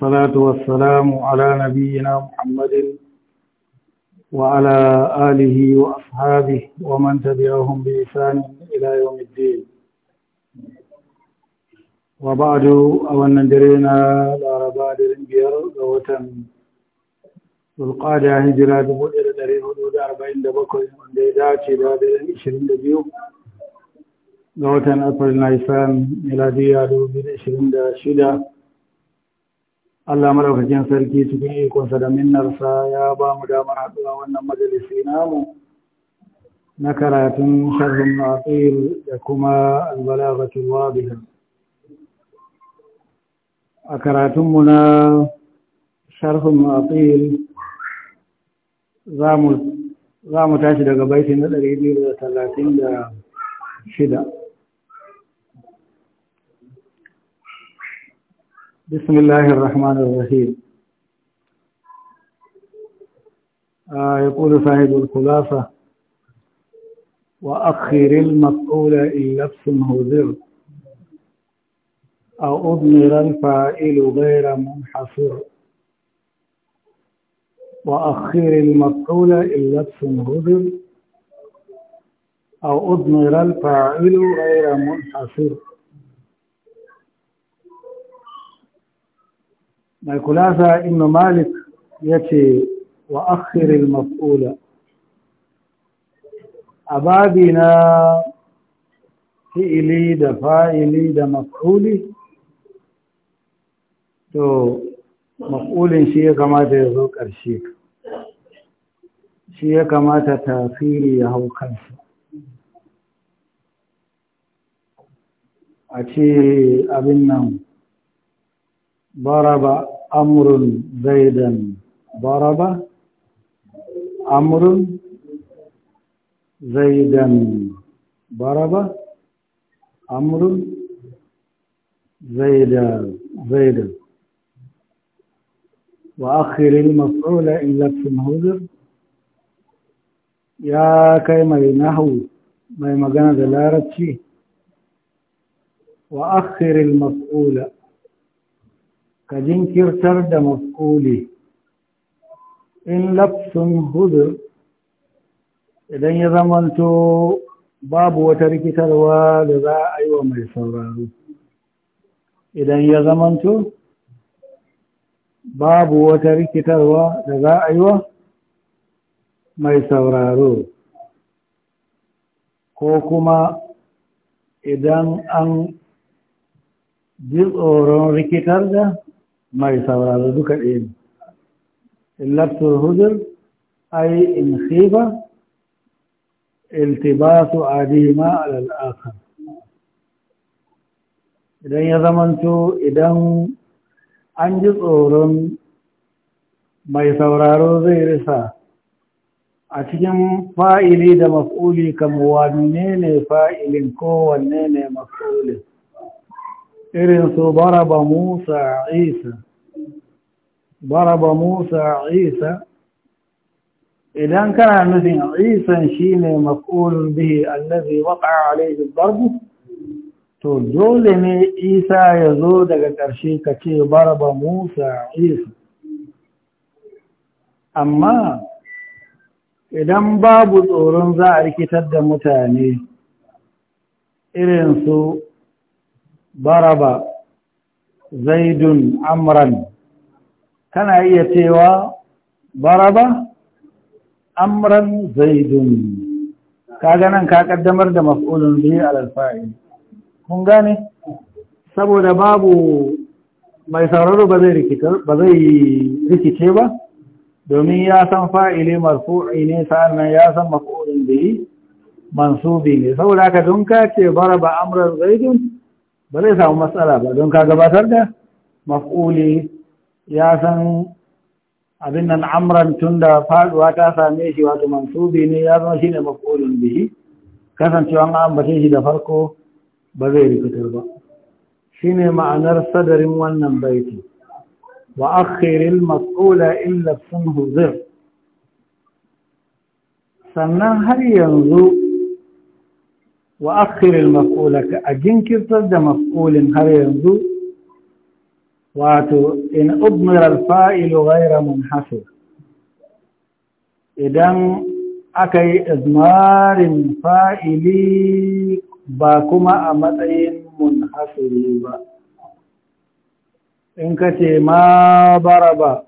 والصلاة والسلام على نبينا محمد وعلى آله وأصحابه ومن تبعهم بإحسان إلى يوم الدين وبعد أولا درينا لاربا درين بير غوتا القادة هجرة دبودة درين حدود أربعين دبكوين ونديداتي دادرين إشرين دبيو ga watan april na isan miladiya 2026 Allah madaukakin sarki cikin ikonsa da minnarsa ya ba mu damar haɗuwa wannan majalisi namu na karatun sharhin matsir da kuma albalagatul wabila. a karatunmu na sharhin matsir za mu tashi daga baitin na shida. بسم الله الرحمن الرحيم آه يقول صاحب الخلاصة وأخر المفعول إن لبس هزر أو أضمر الفائل غير منحصر وأخر المفعول إن لبس هزر أو أضمر الفاعل غير منحصر mai kulasa inna malik ya ce wa akhirin maf'ula a babi na fi'ili da fa'ili da maf'uli to maf'ulin shi ya kamata ya zo ƙarshe shi ya kamata tafiri ya hau kansa a ce abin nan ضرب أمر زيدا ضرب أمر زيدا ضرب أمر زيدا زيدا وأخر المفعول إن لبس هدر يا كيما ينهو ما يمغانا دلارتشي وأخر المفعول ka jinkirtar da maskuli in lafsun hudur idan ya zamanto babu wata rikitarwa da za a yi wa mai sauraro idan ya zamanto babu wata rikitarwa da za a yi wa mai sauraro ko kuma idan an ji tsoron rikitar da mai sauraro duka ɗaya ne illatul hujjar ai in khifa iltibasu adihima alal akhar idan ya zamanto idan an ji tsoron mai sauraro zai risa a cikin fa'ili da maf'uli kamuwa ne ne fa'ilin kowanne ne maf'ulin irin su baraba musa isa baraba musa isa idan kana nufin isan shine maf'ulun bihi allazi waqa'a alayhi to dole ne isa ya zo daga ƙarshe ka ce baraba musa isa amma idan babu tsoron za a rikitar da mutane irin su ضرب زيد أمرا كان أيتيوا ضرب أمرا زيد كاغانا ka ƙaddamar da به على الفاعل mun gane saboda babu mai sauraro ba zai rikice ba domin ya san fa'ile marfu'i ne sa'annan ya san maf'ulin bihi mansubi ne saboda haka don ka ce baraba amran zaidun ba zai samu matsala ba don ka gabatar da maf'uli ya san abin nan amran tun da faduwa ta same shi wato mansubi ne ya zama shine maf'ulin bihi kasancewa an ambace shi da farko ba zai rikitar ba Shi ne ma'anar sadarin wannan baiti wa akhiril mas'ula illa sunhu zir sannan har yanzu wa akhirin mas'ulaka a jinkirtar da makulin har yanzu wato in ubmirar fa'ilu ghaira munhasir idan aka yi izmarin fa'ili ba kuma a matsayin munhasiri ba in kace ce ma baraba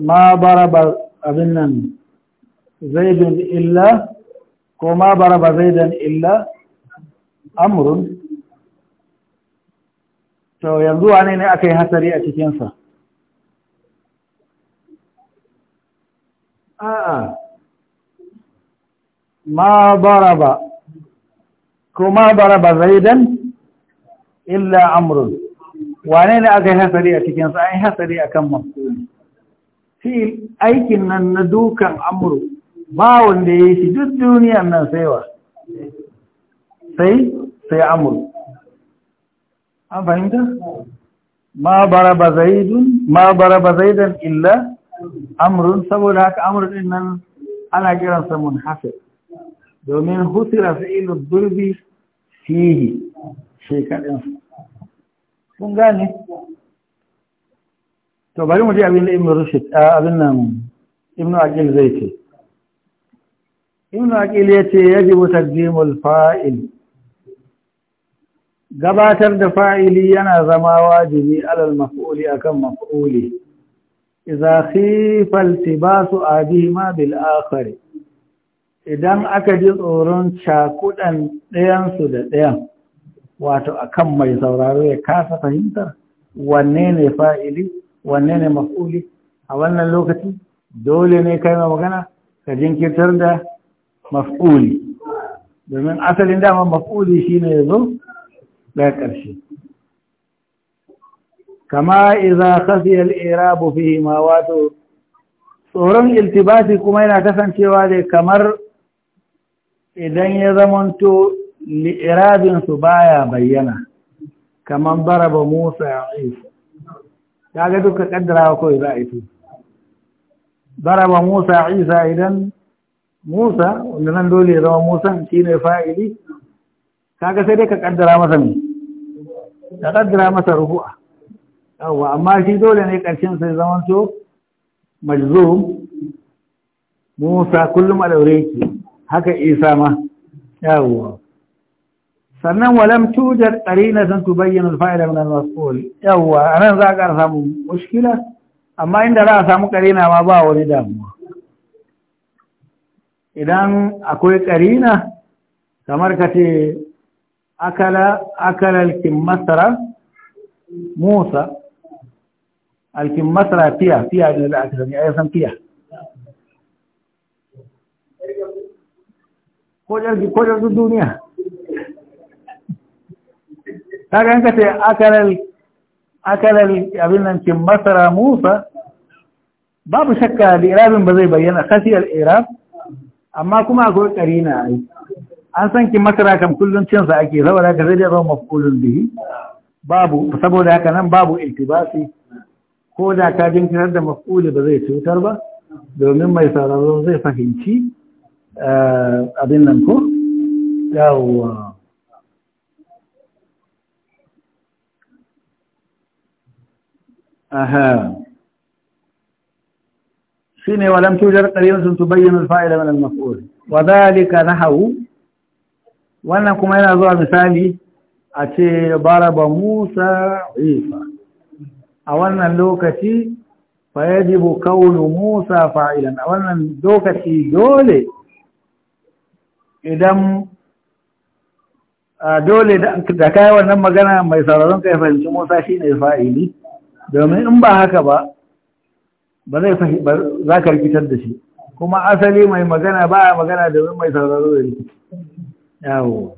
ma baraba abin nan zaidun illa وما ضرب زيدا الا امر تو يلزو اني ني اكاي حسري ا تيكنسا آه. ما ضرب كما ضرب زيدا الا امر واني ني اكاي حسري ا اي حسري اكن مفعول في ايكن ندوكن امره ba wanda ya yi shi duk duniyan nan sai wa sai sai amur an fahimta ma bara ba zaidun ma bara ba zaidan illa Amurin saboda haka Amurin nan ana kiransa hafi domin hutira ilu durbi fihi shekadin sun gane to bari mu ji abin da imin rushe abin nan ibn aqil zai ce ibn aqil ya yajibu mutaddimul fa'il gabatar da fa'ili yana zama wajibi alal maf'uli akan maf'uli idza khifa iltibasu ma bil akhar idan aka ji tsoron cakudan ɗayan su da ɗayan wato akan mai sauraro ya kasa fahimtar wanne ne fa'ili wanne ne maf'uli a wannan lokaci dole ne kai magana ka jinkirtar da maf'uli domin asalin dama maf'uli shine yazo da ƙarshe kama iza khafiya al ma wato tsoron iltibasi kuma yana kasancewa dai kamar idan ya zamanto li'irabin su baya bayyana bara baraba Musa Isa ga duka kaddarawa kawai za a yi baraba Musa ya Isa idan Musa wanda nan dole ya zama Musa shi ne fa'ili kaga sai dai ka kaddara masa ne, ka kaddara masa Ruhu'a. yawwa amma shi dole ne ƙarshen sai so, majzum Musa kullum a daure haka Isa ma yawwa sannan walam tujar na san tu bayyana faila min al-mas'ul yawwa nan za ka samu mushkila amma inda za a samu ƙarina ma ba wani damuwa idan akwai ƙarina kamar ka ce akala alkin masara musa alkin masara fiya fiya da la'akasar ya san fiya ko jirgin duniya ta ganka ce akalar abin nan kin masara musa babu shakka da irabin ba zai bayyana kasiyar irab amma kuma akwai na ai an san ki masara kam kullun cin sa ake saboda ka zai zama mafulun bihi babu saboda haka nan babu iltibasi ko da ka jinkirar da mafuli ba zai cutar ba domin mai sauraro zai fahimci eh, abin nan ko yawwa aha shine walam tujar qarinatun tubayyinu al-fa'ila min al-maf'ul wa dhalika wannan kuma yana zuwa misali a ce baraba Musa Isa a wannan lokaci fa yajibu qawlu Musa fa'ilan a wannan lokaci dole idan dole da kai wannan magana mai sauraron kai fahimci Musa shine fa'ili domin in ba haka ba ba zai za ka rikitar da shi kuma asali mai magana ba magana domin mai sauraro da rikici yawo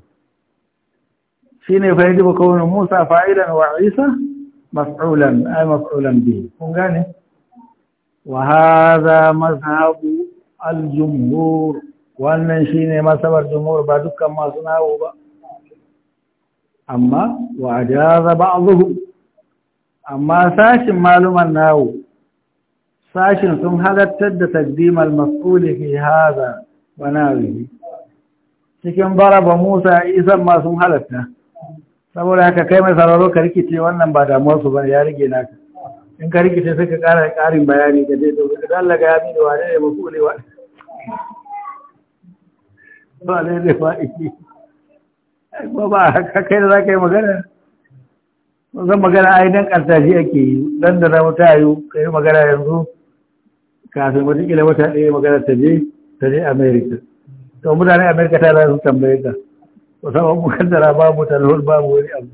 shi ne fa yajibu kaunin musa fa'ilan wa isa mas'ulan ai mas'ulan bi kun gane wa hadha mazhabu al-jumhur wannan shine masabar jumhur ba dukkan masu nawo ba amma wa ajaza ba'dhum amma sashin maluman nawo sashin sun halattar da taqdimal mas'uli fi hadha wa nawihi cikin baraba Musa isan ma sun halatta saboda haka kai mai sararo ka rikice wannan ba damuwar su bane ya rige naka in ka rikice sai ka ƙara ƙarin bayani ka je to ka Allah ya bi da wane ne mas'uli wa ba ne da fa'iki ba ba haka kai da za ka yi magana zan magana ai dan ƙartashi ake yi dan da na wuta yi ka yi magana yanzu kafin ƙila wata ɗaya magana ta je ta je america to mutane america ta za su tambaye ka musamman mukaddara babu talhul babu wani abu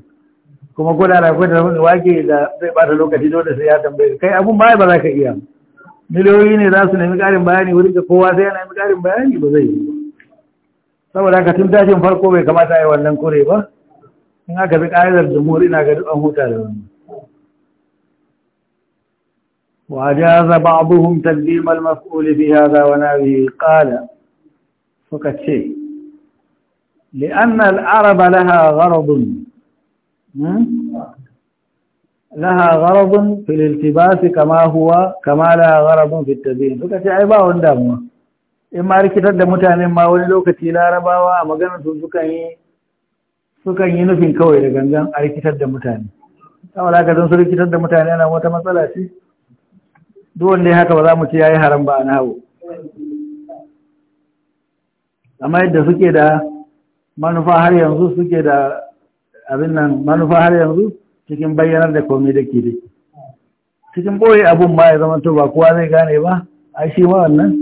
kuma gwada na gwada wani wake da zai bata lokaci dole sai ya tambaye kai abun baya ba za ka iya miliyoyi ne za su nemi ƙarin bayani wurin da kowa sai yana nemi ƙarin bayani ba zai yi saboda haka tun tashin farko bai kamata a yi wannan kure ba in aka bi ƙa'idar jumhuri ina ga duk an huta da wannan وأجاز بعضهم تقديم المفعول بهذا ونابه قال فقد شيء لأن العرب لها غرض لها غرض في الالتباس كما هو كما لها غرض في التبيين فقد شيء عبا وندامه إما ركتت متانين ما ولوك تيلا رباوا مغانا تنسكني sukan yi nufin kawai da gangan a rikitar da mutane. Saboda haka don su rikitar da mutane ana wata matsala ce, duk wanda haka ba za mu ce yayi haram ba a nawo amma yadda suke da manufa har yanzu suke da abin nan manufa har yanzu cikin bayyanar da komai da ke dai cikin boye abun ba ya zamanto ba kowa zai gane ba a shi ma wannan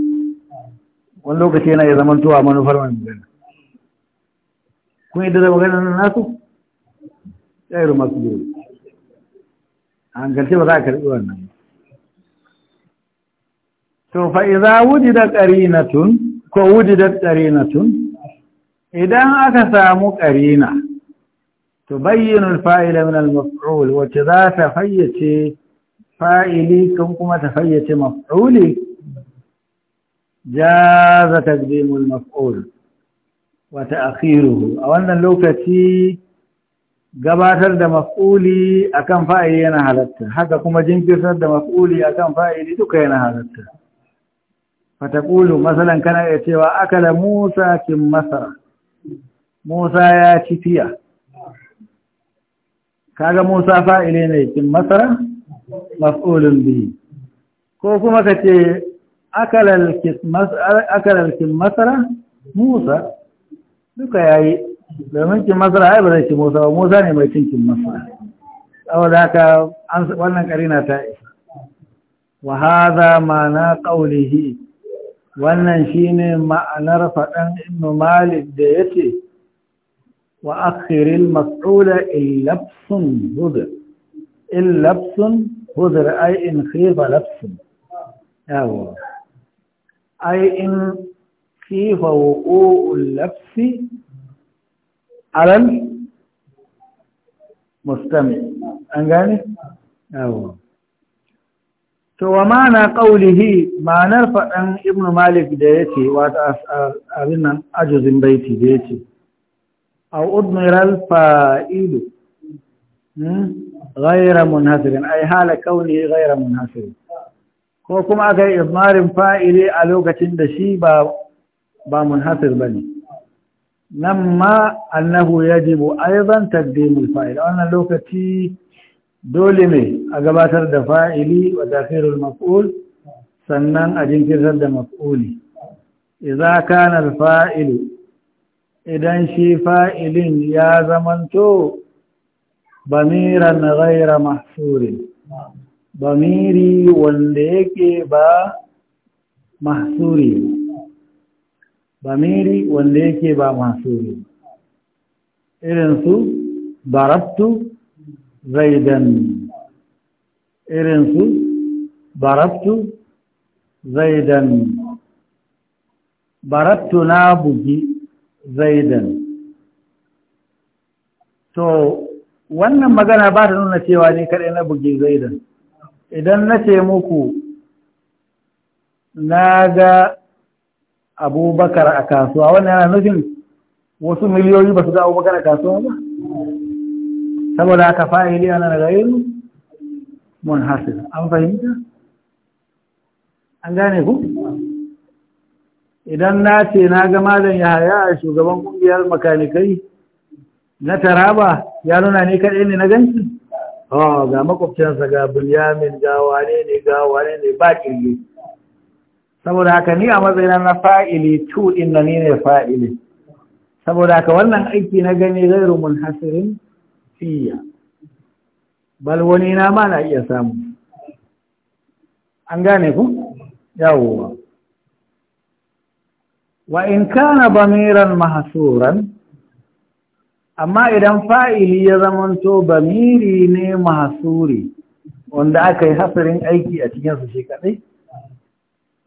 wani lokaci yana ya zamanto a manufar wani gani kun yi da ganin nan nasu ya yi su dole a hankalce ba za a karɓi wannan ba to fa idza wujida qarinatun ko wujidat qarinatun idan aka samu qarina tubayyinu al-fa'ila min al-maf'ul wa za ta fayyace fa'ili kan kuma ta fayyace maf'uli jaza taqdimu al-maf'ul wa ta'khiruhu a wannan lokaci gabatar da maf'uli akan fa'ili yana halatta haka kuma jinkirtar da maf'uli akan fa'ili duka yana halatta fataqulu masalan kana iya cewa akala musa kin masara musa ya ci fiya kaga musa fa'ile ne kin masara maf'ulun bi. ko kuma ka ce akalal kin masara masara musa duka yayi domin kin masara ai ba zai musa ba musa ne mai cin kin masara saboda haka wannan karina ta isa wa hadha na qawlihi wannan shi ne ma'anar faɗan inu malik da ya ce, wa akhiril mas'ula illabsun hudr illabsun hudr ai in khifa labsun yawo ai in khifa wuqu'ul labsi alal mustami an gane yawa to wa mana qaulihi ma'anar faɗan ibnu malik da yace wata abin nan ajuzin baiti da yace A udmiral fa'ilu hmm, ghayra munhasirin ay hala kauni ghayra munhasirin ko kuma aka yi ismarin fa'ili a lokacin da shi ba ba munhasir bane nan ma annahu yajibu aidan taqdimul fa'il wannan lokaci dole ne a gabatar da fa'ili wa tafirul maf'ul sannan a jinkirtar da maf'uli Iza kana fa’ili, idan shi fa'ilin ya zamanto bamiran ghayra mahsurin bamiri wanda yake ba mahsuri bamiri wanda yake ba mahsuri irin su barabtu zaidan irinsu barabtu zaidan barabtu na bugi zaidan to wannan magana ba ta nuna cewa ne kaɗai na bugi zaidan idan na ce muku na ga abubakar a kasuwa wannan yana nufin wasu miliyoyi ba su ga abubakar a kasuwa ba saboda haka fa'ili ana daga ilu hasila an fahimta an gane ku idan na ce na ga ya haya a shugaban kungiyar makanikai na taraba ya nuna ne kaɗai ne na ganci oh ga makwabcinsa ga bulyamin ga wane ne ga wane ne ba ƙirgi saboda haka ni a matsayina na fa'ili tu inda ni ne fa'ili saboda haka wannan aiki na gani gairu hasirin. khafiyya bal wani na ma na iya samu an gane ku yawowa wa in kana bamiran mahsuran amma idan fa'ili ya zamanto bamiri ne mahsuri wanda aka yi hasarin aiki a cikin su shi kadai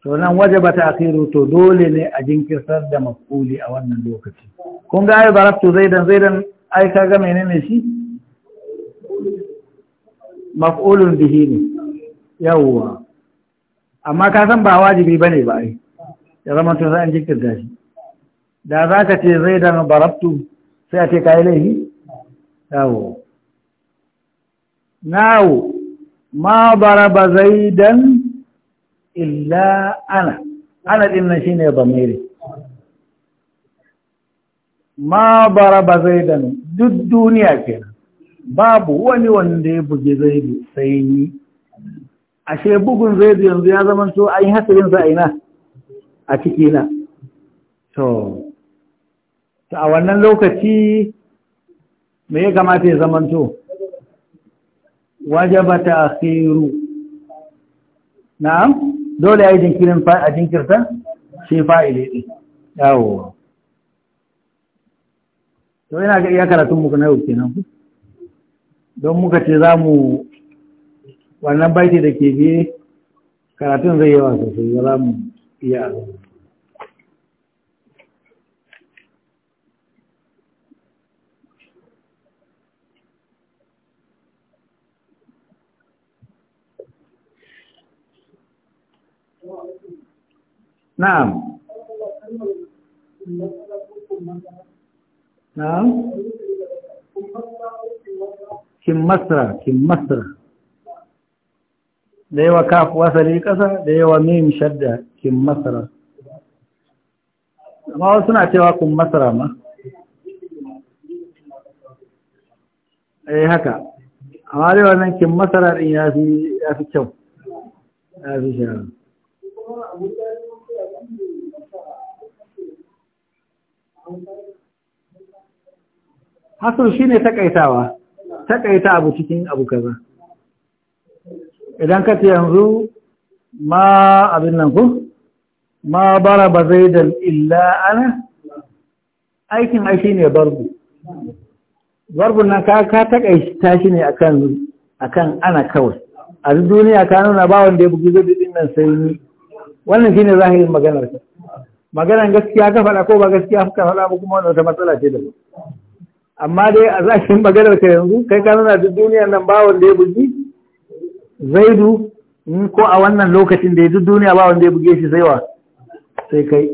to nan wajaba asiru to dole ne a jinkirtar da maf'uli a wannan lokaci kun ga ai baratu zaidan zaidan ai ga menene shi maf'ulun bihi ne yawwa amma ka san ba wajibi bane ba ai ya zama to sai an jinkirta shi da za ka ce zai da barabtu sai a ce kayi laifi yawwa nawo ma baraba zaidan illa ana ana din nan shine bamiri ma baraba zaidan duk duniya kenan babu wani wanda ya buge zaidu sai ni ashe bugun zaidu yanzu ya zama to an yi hasarin sa ina a ciki na to to a wannan lokaci me ya kamata ya zama to wajaba ta'khiru na'am dole ya yi jinkirin a jinkirta shi fa'ile ɗin yawo to yana ga iya muku na yau kenan ku don muka ce za mu wannan baiti da ke biye karatun zai yawa sosai za mu iya Na'am. Na'am. masra kin masra da yawa kaf wasali ƙasa da yawa mim shadda kin masra amma wasu na cewa kun masra ma eh haka amma dai wannan kin masara din ya fi ya fi kyau ya fi shi hasul shine takaitawa takaita abu cikin abu kaza idan ka ce yanzu ma abin nan ku ma bara ba zai da illa ana aikin aiki ne barbu barbu nan ka takaita shi ne akan ana kawai a duniya ka nuna ba wanda ya bugi zai din nan sai ni wannan shine zahirin maganar ka maganar gaskiya ka faɗa ko ba gaskiya ka faɗa ba kuma wannan wata matsala ce da ba amma dai a zafin maganar ka yanzu kai ka nuna duk duniya nan ba wanda ya bugi zaidu ko a wannan lokacin da ya duk duniya ba wanda ya buge shi zaiwa sai kai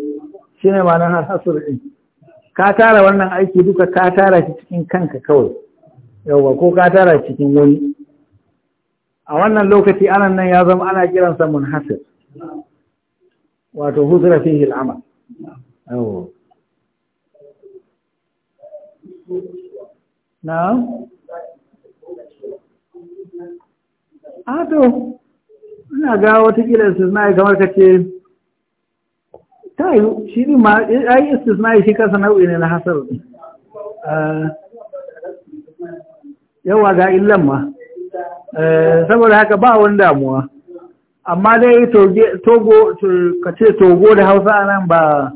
shi ne ma'anar har hasur ɗin ka tara wannan aiki duka ka tara shi cikin kanka kawai yauwa ko ka tara cikin wani a wannan lokaci anan nan ya zama ana kiransa munhasir wato huzura fihi al'amal na ato ah, ina ga watakila istisnai kamar ka ce ta yi shi ne ma ai yi shi kasa nau'i ne na hasar eh, yawa ga illan ma eh, saboda haka ba wani damuwa amma dai togo ka ce togo da hausa nan ba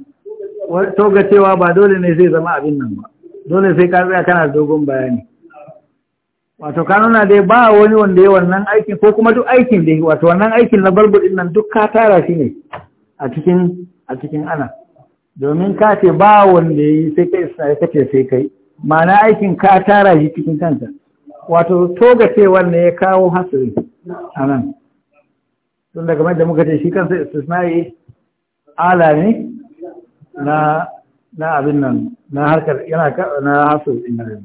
toga cewa ba dole ne zai zama abin nan ba dole sai ka tsaya kana dogon bayani wato ka nuna dai ba wani wanda ya wannan aikin ko kuma duk aikin dai wato wannan aikin na balbul din nan duk ka tara shi ne a cikin a cikin ana domin ka ce ba wanda ya yi sai kai sai kace sai kai ma'ana aikin ka tara shi cikin kanka wato toga ce wanda ya kawo hasiri a nan tun daga mai da muka ce shi kansa istisnai ala ne na na abin nan na harkar yana na hasu ina da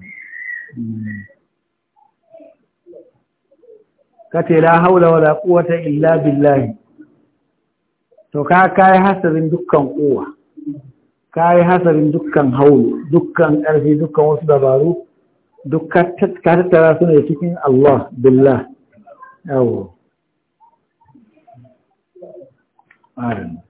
kace la haula wala quwwata illa billahi to ka kai hasarin dukkan kowa yi hasarin dukkan haulu dukkan karfi dukkan wasu dabaru duk ka tattara su ne cikin Allah billah yawo Arin.